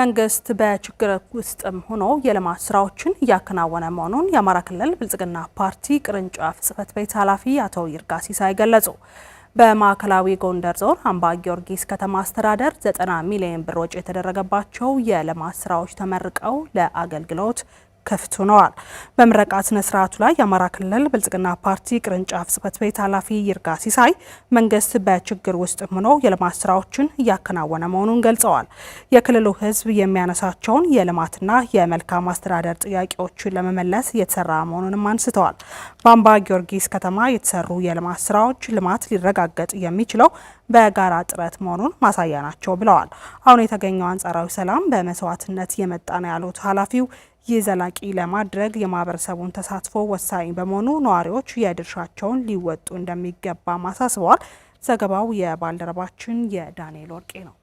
መንግስት በችግር ውስጥም ሆኖ የልማት ስራዎችን እያከናወነ መሆኑን የአማራ ክልል ብልጽግና ፓርቲ ቅርንጫፍ ጽህፈት ቤት ኃላፊ አቶ ይርጋ ሲሳይ ገለጹ። በማዕከላዊ ጎንደር ዞን አምባ ጊዮርጊስ ከተማ አስተዳደር 90 ሚሊዮን ብር ወጪ የተደረገባቸው የልማት ስራዎች ተመርቀው ለአገልግሎት ክፍት ሆነዋል። በምረቃ ስነ ስርዓቱ ላይ የአማራ ክልል ብልጽግና ፓርቲ ቅርንጫፍ ጽህፈት ቤት ኃላፊ ይርጋ ሲሳይ መንግስት በችግር ውስጥ ሆኖ የልማት ስራዎችን እያከናወነ መሆኑን ገልጸዋል። የክልሉ ህዝብ የሚያነሳቸውን የልማትና የመልካም አስተዳደር ጥያቄዎችን ለመመለስ እየተሰራ መሆኑንም አንስተዋል። በአምባ ጊዮርጊስ ከተማ የተሰሩ የልማት ስራዎች ልማት ሊረጋገጥ የሚችለው በጋራ ጥረት መሆኑን ማሳያ ናቸው ብለዋል። አሁን የተገኘው አንጻራዊ ሰላም በመስዋዕትነት የመጣ ነው ያሉት ኃላፊው ይህ ዘላቂ ለማድረግ የማህበረሰቡን ተሳትፎ ወሳኝ በመሆኑ ነዋሪዎች የድርሻቸውን ሊወጡ እንደሚገባ ማሳስበዋል። ዘገባው የባልደረባችን የዳንኤል ወርቄ ነው።